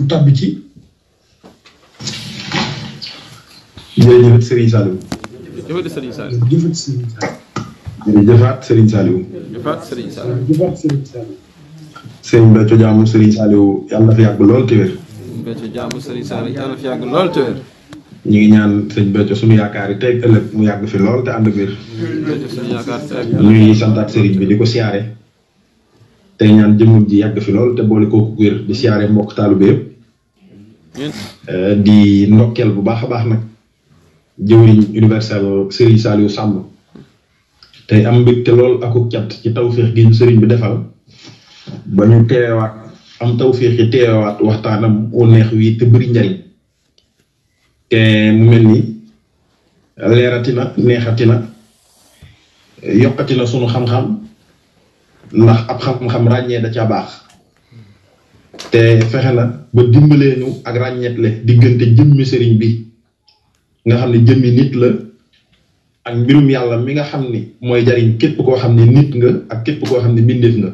lu tàbbi ci. jërëjëf Serigne Saliou. jërëjëf Serigne Saliou. jërëjëf Serigne Saliou. jërëjëfaat Serigne jaamu Serigne Saliou yàlla na fi yàgg lool te wér. Béthio ñu ngi ñaan sëñ Béthio suñu yaakaar yi tey ëllëg mu yàgg fi lool te ànd ak wér. ñu ngi bi di ko siyaare. tey ñaan jëmmam ji yàgg fi lool te boole kooku gër di siyaare mbokk taalube yëpp eh, di ndokkeel bu baax a baax nag jëwriñ universel Saliou Samb tey am mbégte lool akuk cat ci tawféex gi ñu sëriñ bi defal ba ñu teewaat am tawféex yi teewaat waxtaanam wu neex wi te bëri njariñ te mu mel ni leeratina neexatina yokkatina sunu xam-xam. ndax ab xam-xam ràññee da ca baax te fexe na ba dimbaleenu ak ràññeetle diggante jëmmi sëriñ bi nga xam ne jëmmi nit la ak mbirum yàlla mi nga xam ni mooy jariñ képp koo xam ne nit nga ak képp koo xam ne mbindeef na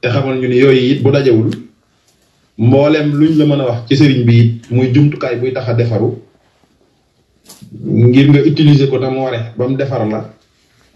te xamal ñu ni yooyu it bu dajewul mboolem luñ la mën a wax ci sëriñ bi it muy jumtukaay buy tax a defaru ngir nga utiliser ko tam ware ba mu defar la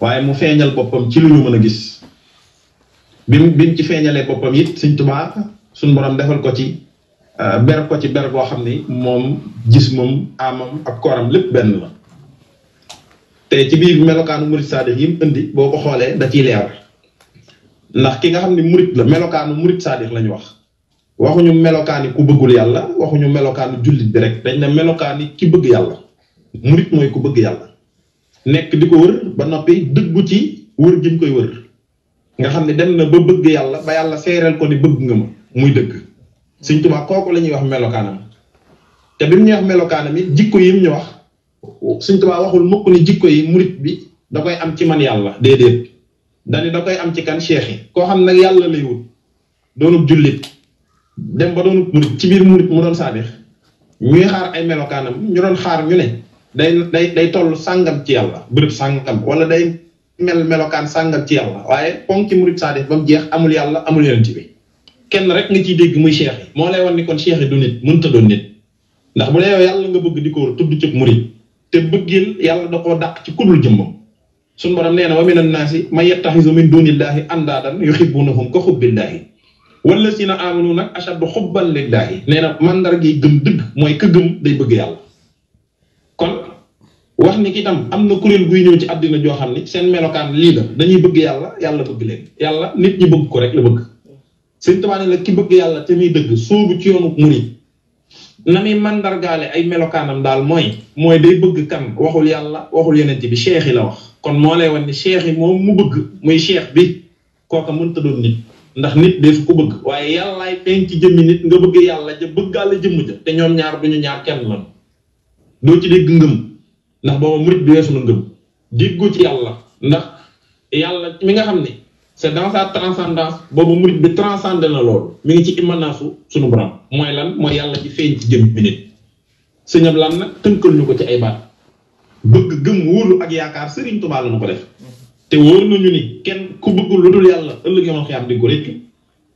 waaye mu feeñal boppam ci lu ñu mën a gis bim bim ci feeñalee boppam it sëñ tuba borom defal ko ci euh, ber ko ci ber boo xam ni moom gis moom amam ak lip lépp benn la te ci biir melokaanu murit saadix yi mu indi boo ko xoolee da ciy leer ndax ki nga xam ni murit la melokaanu murit saadix lañu wax waxuñu melokaani ku bëggul yàlla waxuñu melokaani jullit bi rek dañ ne melokaani ki bëgg yàlla murit mooy ku bëgg yàlla nek di ko wër ba nopi deggu ci wër giñ koy wër nga xamni dem na ba bëgg yalla ba yalla seereel ko ni bëgg nga ma muy dëgg sëñ tubaa koku lañuy wax melokanam té bimu ñu wax melokanam jikko yi mu ñu wax waxul mukk ni jikko yi murid bi da koy am ci man yalla dédé dani da koy am ci kan cheikh yi xam nak yalla lay wut doonub julit dem ba doonub murid ci bir murid mu doon saadix ñuy xaar ay melokanam ñu doon xaar ñu ne day day day toll sangam ci yalla beurep sangam wala day mel melokan sangam ci yalla waye ponki murid saa def bam jeex amul yalla amul yonent bi kenn rek nga ci deg muy cheikh mo lay wan ni kon cheikh du nit ta do nit ndax bu lay yow yalla nga bëgg di tudd ci murid te bëggil yalla da ko dàq ci kudul jëm sun borom neena wa minan nasi may yattaxisu min dunillahi andadan yuxibbunahum ka hubbillahi wala amanu ashaddu lillahi neena mandar gi gëm deug moy ka gëm day bëgg yalla kon wax ni kitam am na kuréel guy ñew ci àddina jo xamni seen melokan li la dañuy bëgg yalla yalla bëgg leen yalla nit ñi bëgg ko rek la bëgg sëñ tubaa ne la ki bëgg yalla te mi dëgg soobu ci yoonu murid nami muy ay melokanam dal mooy mooy day bëgg kan waxul yalla waxul ci bi cheikh yi la wax kon mo lay wone ni cheikh yi mu bëgg muy cheikh bi mën ta doon nit ndax nit def ko bëgg yalla ay penc jëmmi nit nga bëgg yalla je bëggal jëm je te ñom ñaar duñu ñaar kenn do ci deg ngeum ndax bo murit bi weesu ngeum ngëm déggu ci yalla ndax yalla mi nga xam c'est dans sa transcendance boobu murit bi transcender na lool mi ngi ci immanence sunu borom moy lan moy yalla ci feñ ci jëm bi nit sëñam lan nak tënkal ñuko ci ay baat bëgg gëm wuulu ak yaakar sëriñ touba la ko def té woor nañu ni kenn ku bëgg lu dul yalla ëllëg yamal xiyam di ko rek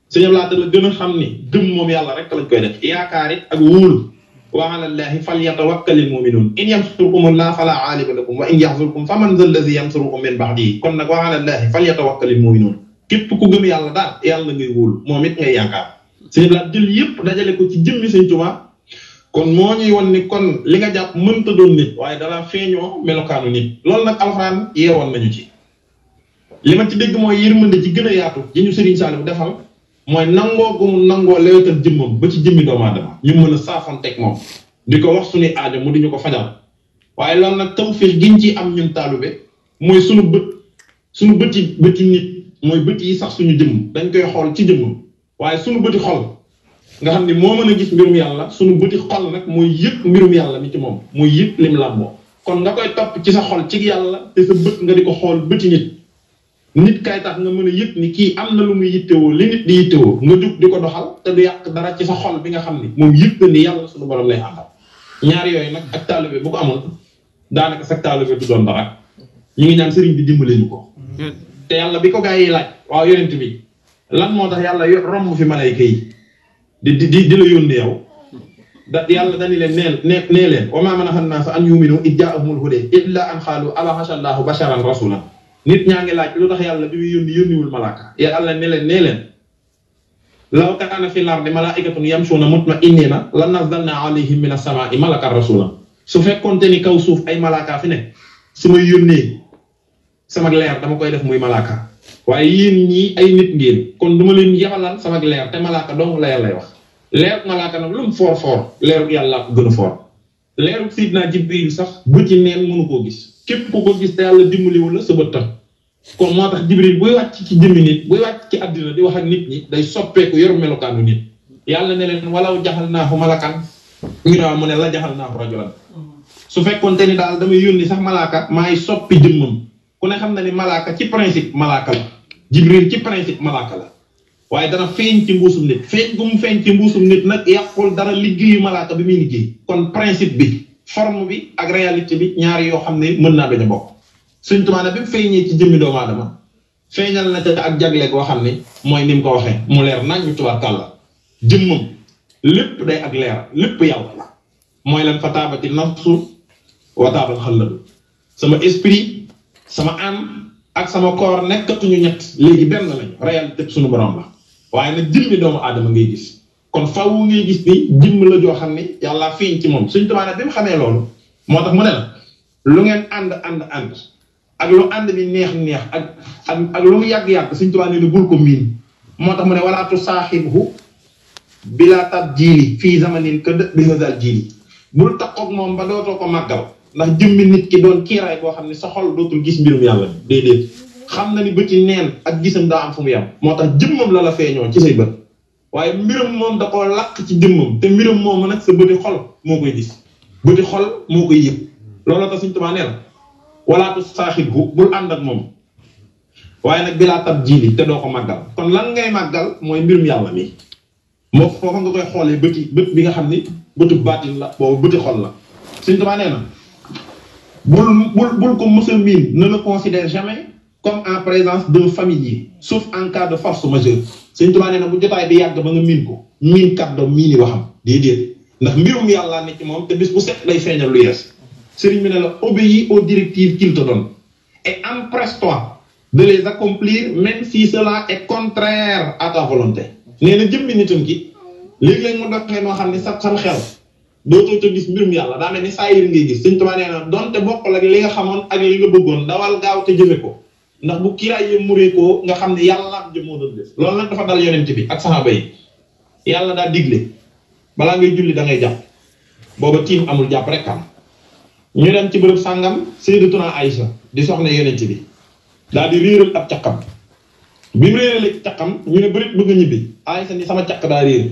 señam la gën a xam ni gëm mom yalla rek lañ koy def yaakar ak wóolu wa ala llahi falyatawakkalil mu'minun in yansurkumullahu fala ghaliba lakum wa in yahzurkum faman dhal ladhi yansurukum min ba'dihi kon nag wa ala llahi képp ku gëm yàlla daal yàlla ngay wóolu moom it ngay yaakaar sëñ bi daal jël yëpp dajale ko ci jëmmi sëñ Tuubaa kon moo ñuy won ni kon li nga jàpp mënta doon nit waaye dala feeñoo melokaanu nit loolu nag alxuraan yeewoon nañu ci li ma ci dégg mooy na ci gën a yaatu yi ñu Sëriñ Saaliw defal mooy nangoo gu nangoo lewetal jëmmam ba ci jëmmi doomu aadama ñu mën a teg moom di ko wax suñuy aajo mu di ñu ko fajal waaye loolu nag tawféex giñ ciy am ñun taalube mooy suñu bët suñu bëti bëti nit mooy bët yi sax suñu jëmm dañ koy xool ci jëmmam waaye suñu bëti xol nga xam ne moo mën a gis mbirum yàlla suñu bëti xol nag mooy yëpp mbirum yàlla mi ci moom mooy yëpp lim làmboo kon nga koy topp ci sa xol ci yàlla te sa bët nga di ko xool bëti nit nit kay tax nga mën a yëg ni kii am na lu muy yittewoo li nit di yittewoo nga jug di ko doxal te du yàq dara ci sa xol bi nga xam ni moom yëpp na ni yàlla suñu borom lay àndal yooyu nag ak taalibe bu ko amoon daanaka sax taalibe ñu ngi ñaan sëriñ bi dimbale ñu ko. yàlla bi ko gaa yi laaj waaw yonent bi lan moo tax yàlla romb fi malayka yi di di di la yónnee yow. da yàlla dañu leen neel nee nee leen wa maa manahan naasa an yu'minu idh jaa'ahumul hudaa illaa an qaaluu aba'atha Allaahu basharan rasuulan nit ñangi laaj lu tax yalla bi muy yoni wul malaka ya allah ne len nee leen law kaana fi lardi malaikatun yamshuna inna la nazalna alayhim min as-sama'i malakan rasula su fekkonte ni kaw suuf ay malaka fi ne su may sama leer dama koy def muy malaka waye yeen ñii ay nit ngeen kon duma leen yabalal sama leer te malaka dong la yalla wax leer malaka nak lu for for leer yalla yàlla ko gën a foor sidna jibril sax bu ci neen mënu ko gis képp ku ko gis te yàlla dimbaliwu la sa bët tax kon moo tax jibril buy wàcc ci jëmmi nit buy wàcc ci àddina di wax ak nit ñi day soppeeku yor melokaanu nit yàlla ne leen walaw jaxal naa ko malakan ñu ne mu ne la jaxal naa rajulan su ni daal damay yónni sax malaaka maay soppi jëmmam ku ne xam na ni malaaka ci principe malaaka la jibril ci principe malaaka la waaye dana feeñ ci mbuusum nit feeñ gum ci mbuusum nit nag yàqul dara liggéeyu malaaka bi muy liggéey kon principe bi forme bi ak réalité bi ñaari yoo xam ne mën naa bañ bokk Sëriñ Tuubaa nag bi mu feeñee ci jëmmi doomu aadama feeñal na ca ak jagle koo xam ne mooy ni ko waxee mu leer nañ ñu tubaab kàlla jëmmam lépp day ak leer lépp yàlla la mooy lan fa taabati nafsu wa taabal xalladu sama esprit sama âme ak sama corps nekkatuñu ñett léegi benn lañu réalité suñu borom la waaye nag jëmmi doomu aadama ngay gis kon faaw ngi gis ni jëm la joo xam ni yàlla feeñ ci moom suñ tubaab nag bi mu xamee loolu moo tax mu ne la lu ngeen ànd ànd ànd ak lu ànd bi neex neex ak ak ak lu mu yàgg yàgg suñ tubaab ne bul ko miin moo tax mu ne walaatu saaxibu bila tab jiili fii zamanin këdd bi nga daal jiili bul takkoog moom ba dootoo ko màggal ndax jëmmi nit ki doon kiiraay boo xam ne sa xol dootul gis mbirum yàlla déedéet xam na ni ci neen ak gisam daa am fu mu yam moo tax jëmmam la la feeñoo ci say bët waaye mbiram moom da koo làq ci jëmmam te mbiram moomu nag sa bëti xol moo koy gis bëti xol moo koy yëg looloo tax suñ tubaab nee la walaatu saaxit bu bul moom waaye nag bilaa tab jiili te doo ko màggal kon lan ngay màggal mooy mbirum yàlla mi moo foofa nga koy xoolee bëti bi nga xam ni bëtu baatin la boobu bëti xol la suñ tubaab nee na bul bul bul ko mës a miin ne jamais comme en présence d'un familier sauf en cas de force majeure Sëñ Tuubaa nee na bu jotaay bi yàgg ba nga miin ko miin kàddoom miin yi waxam déedéet ndax mbirum yàlla ne ci moom te bis bu set lay feeñal lu yees sëriñ bi ne obéis aux directives qu'il te donne et empresse-toi de les accomplir même si cela est contraire à ta volonté nee na jëmmi nitam ki léeg-léeg mu doxee noo xam ni sa sam xel dootoo ca gis mbirum yalla da mel ni saa yir gis Sëñ touba nee na donte bokk ak li nga xamone ak li nga bëggoon dawal gaaw te jëfe ko ndax bu kiraay yi muree ko nga xam yalla am jë moo doon def loolu nag dafa dal yonent bi ak sahaba yi yalla da digle bala ngay julli da ngay japp boba tim amul japp rek am ñu dem ci bërëb sangam sayyidatuna aisha di soxna yonent bi da di réeral ab takam bi mu réerale takam ñu ne bërit bëgg ñibi aisha ni sama caq da réer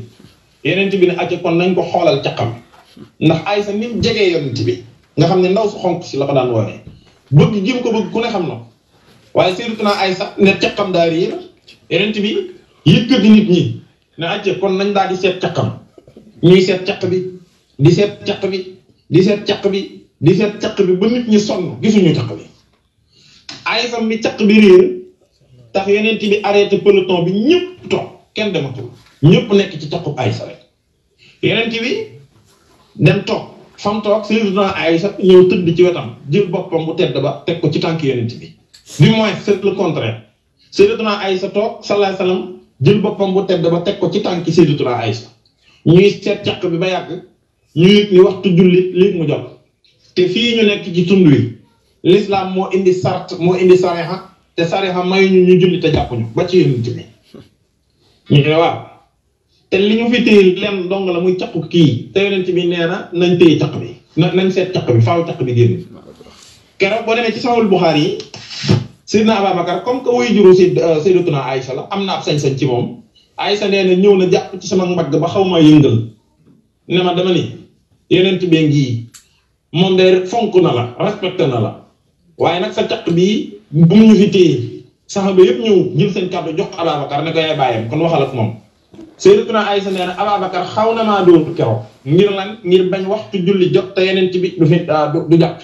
yonent bi ne acca kon nañ ko xolal takam ndax aisha nim jegee yonent bi nga xam ndaw su xonk ci la ko daan woné bëgg ko bëgg ku ne xam waaye sayyidatuna Aysa ne caqam daa réer yeneen bi yëkkati nit ñi ne acce kon nañ daal di seet caqam ñuy seet caq bi di seet caq bi di seet caq bi di seet caq bi ba nit ñi sonn gisuñu caq bi Aysa mi caq bi réer tax yeneen bi arrêté peloton bi ñëpp toog kenn dematul ñëpp nekk ci caqub Aysa rek yeneen bi dem toog fam toog sayyidatuna Aysa ñëw tëdd ci wetam jël boppam bu tedd ba teg ko ci tànk yeneen bi du moins c'est le contraire Sayyidatuna Aïsa toog sallallahu alayhi wa sallam jël boppam bu tedd ba teg ko ci tànki Sayyidatuna Aïsa ñuy seet càq bi ba yàgg ñuy ñu waxtu jullit léegi mu jot te fii ñu nekk ci tund wi l'islam moo indi sart moo indi sariha te sariha mayuñu ñu ñu julli te jàppuñu ba ci yonent bi ñu ne waaw te li ñu fi téye lenn dong la muy caqu kii te yonent bi nee na nañ téye caq bi na nañ seet caq bi faaw caq bi génn keroog boo demee ci sawul yi Seydina Ababacar comme que wuy euh, am na ab sañ ci moom Aïcha nee ñëw na jàpp ci sama mbagg ba xaw ma yëngal ne ma dama ni yeneen tubéen ngi moom day fonk na la respecté la waaye nag sa caq bii bu mu ñu fi téye saxaba jox ko Ababacar ne ko yaay moom. Seydatuna Aïcha nee na Ababacar xaw na maa dóor keroog ngir lan ngir bañ waxtu julli jot te yeneen bi du fi euh, jàpp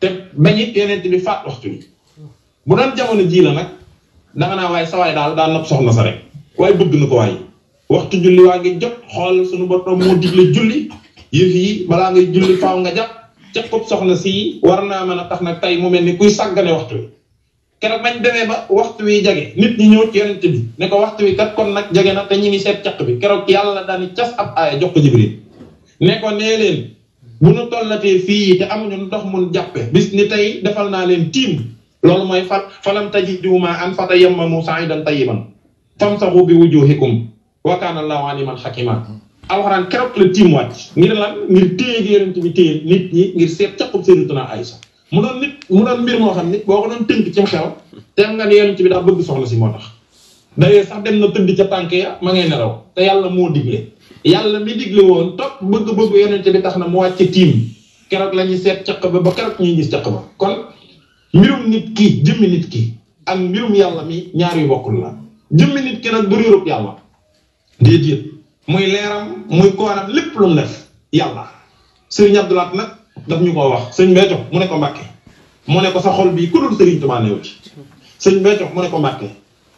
te bañ it yeneen bi faat waxtu bi. bu dan jamono ji la nag danga naa na sa waay dal da nopp soxna sa rek way bëgg na way waxtu julli waa ngi jot xol suñu borom mo diglé julli yef yi bala ngay julli faaw nga ci ko soxna si war naa tax nak tay mu melni kuy waxtu bañ ba waxtu wi jage nit ñi ñëw ci yonent bi ne ko waxtu wi kat kon nak jage na te ñi ngi sét caq bi keroog yàlla daani cas ab ay jox ko jibril ne ko nee bu nu fi te amuñu ndox mun jappé bis ni tay defal na leen tim loolu moy fat falam tajidu ma an fatayammamu sa'idan tayyiban tamsahu bi wujuhikum wa kana allahu aliman hakima alquran keroog le tiim wàcc ngir lan ngir téye yerente bi téye nit ñi ngir seet taxum sayyiduna aisha mu don nit mu don mbir mo xamni boko don ko ci xew te nga ne yonent bi da bëgg soxla ci motax tax d'ailleurs sax dem na tëdd ci tànk ya ma ngay neraw te yalla mo diglé yalla mi diglé won topp bëgg-bëgg yerente bi taxna mo wacc tim tiim lañu la ñuy ba ba ñi ñuy gis caq ba kon mbirum nit ki jëmmi nit ki ak mbirum yàlla mi ñaar yu bokkul la jëmmi nit ki nag du réerub yàlla déedéet muy leeram muy kooram lépp lu mu def yàlla sëriñ abdulaat nag daf ñu ko wax sëñ beeco mu ne ko mbàkke mu ne ko sa xol bi ku dul sëriñ tumaa neew ci sëñ beeco mu ne ko mbàkke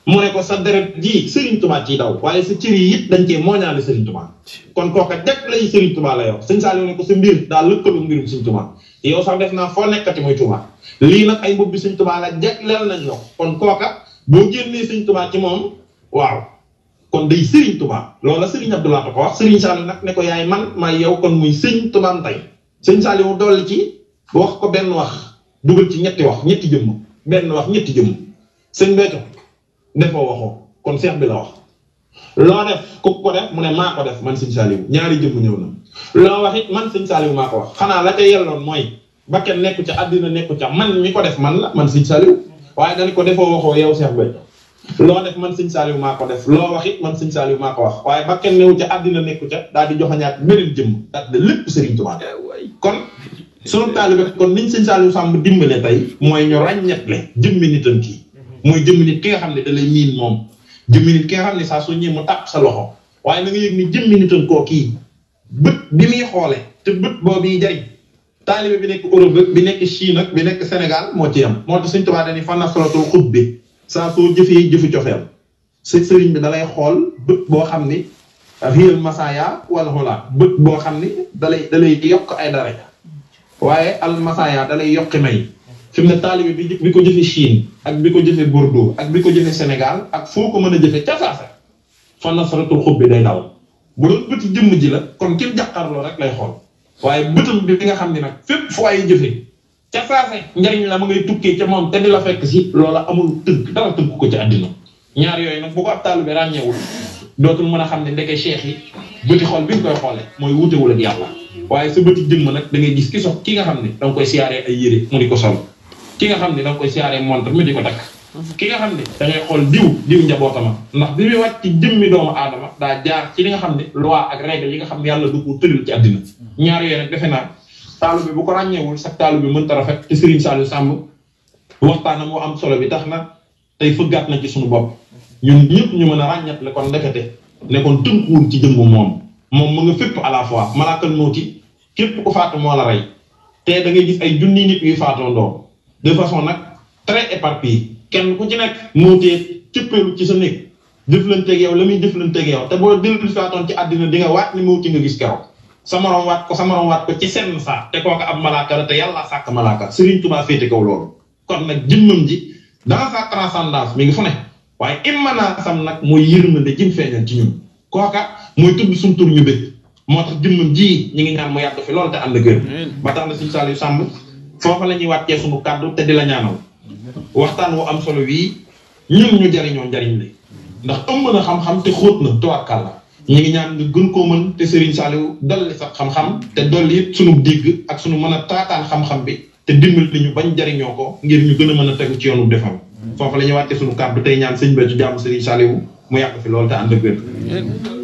mu ne ko sa deret ji sëriñ tumaa ci daw waaye sa cër yit dañ cee mooñaale sëriñ tumaa kon kooka jag lay sëriñ tumaa lay wax sëñ saaliw ne ko sa mbir daa lëkkaloo mbirum sëriñ tumaa yow sax def naa foo nekkati muy Touba lii nag ay mbubbi Sëñ Touba la jagleel nañ la kon kooka boo génnee Sëñ Touba ci moom waaw kon day Serigne Touba loolu la Serigne Abdoulaye da ko wax Serigne ko yaay man maay yow kon muy Sëñ Touba tey Sëñ wax ko benn wax dugal ci ñetti wax ñetti jëmm benn wax ñetti jëmm sëñ Béthio defoo waxoo kon seex bi la wax loo def ku ko def mu ne maa ko def man Sëñ Saliou ñaari jëmm ñëw na. loo wax it man sëñ Saliou maa ko wax xanaa la ca yelloon mooy bakken nekku ca àddina nekku ca man mi ko def man la man sëñ Saliou waaye dañ ko defoo waxoo yow Cheikh Béthio loo def man sëñ Saliou maa ko def loo wax it man sëñ Saliou maa ko wax waaye bakken newu ca àddina nekku ca daal di joxañaat beneen jëmm daal di lépp Serigne Touba kon sunu taalibe kon niñ sëñ Saliou Samb dimbale tey mooy ñu ràññetle jëmmi nitam kii mooy jëmmi nit ki nga xam ne da lay moom jëmmi nit ki nga xam ne saa su ñëwee mu tàpp sa loxo waaye na yëg ni jëmmi nitam koo kii bët bi muy xoolee te bët boobu yi jariñ taalibe bi nekk Europe bi nekk Chine ak bi nekk Sénégal moo ci am moo tax suñ tubaab dañuy fan soloto xut bi saa soo jëfee jëfu cofeel së sëriñ xool bët boo xam ni réel masaya wala xoolaa bët boo xam ni dalay dalay yokk ay daraja waaye al masaya dalay yokki ne taalibe bi bi ko jëfe Chine ak bi ko jëfe ak bi ko jëfe Sénégal ak foo ko mën a jëfe ca saasa fan soloto xut bi day daw bu doon bëti jëmm ji la kon kim jàkkaarloo rek lay xool waaye bëtam bi bi nga xam ne nag fépp fu ay jëfee ca saase njariñ la ma ngay tukkee ca moom te di la si loola amul tënk dara tënk ko ci àddina ñaar yooyu nag bu ko ab taalibe ràññeewul dootul mën a xam ne ndeke cheikh yi bëti xool bi ñu koy xoolee mooy wutewul ak yàlla waaye sa bëti jëmm nag da ngay gis ki sox ki nga xam ne danga koy siyaaree ay yére mu di ko sol ki nga xam ne danga koy siyaaree montre mu di ko takk ki nga xam da ngay xol diw diw njabotam ndax bi wacc ci jëmmi doomu aadama da jaar ci li nga xam loi ak règle yi nga xam yalla du ko tëral ci adina ñaar yoy nak defena talu bi bu ko ragneewul sax talu bi ta rafet ci Serigne sallu Samb waxtana mo am solo bi tax na tey fëggaat na ci suñu bop ñun ñepp ñu mëna ragnat le kon ndekete ne kon tënkuwul ci jëmm mom mom mu nga fepp à la fois malakal nooti képp ku faatu mo la ray te da ngay gis ay junni nit yuy faato ndo de façon nak très éparpillé kenn ku ci nek mo te ci sa deflante ak yow lamuy deflante ak yow te boo dellu faatoon ci adina di nga wat ni ci nga gis keroog sa morom wat ko sa morom wat ko ci sen sa te ko ko am malaka te yalla sak malaka serigne touba fete kaw loolu kon nak jëmmam ji dana sa transcendance mi ngi waye imana sam immanasam moy yirna de jim feeñal ci ñun koka moy tuddu sun tur ñu bëgg motax tax ji ñi ngi ñaan mu yàgg fi loolu te and geur ba tax na suñ sallu sàmb fofu lañuy ñuy wàccee sunu kaddu te di la ñaanal waxtaan wu am solo wii ñun ñu jariñoo njariñ li ndax ëmb na xam-xam te xóot na tuwakkal la ñu ngi ñaan nga gën koo mën te Serigne Saliou dolli sax xam-xam te dolli it suñu dégg ak sunu mën a taataan xam-xam bi te dimbil dimbali ñu bañ jariñoo ko ngir ñu gën a mën a tegu ci yoonu defam foofu la ñuy wàcce sunu kàddu tey ñaan sëñ Béthio jàmm Serigne Saliou mu yàq fi loolu te ànd na wér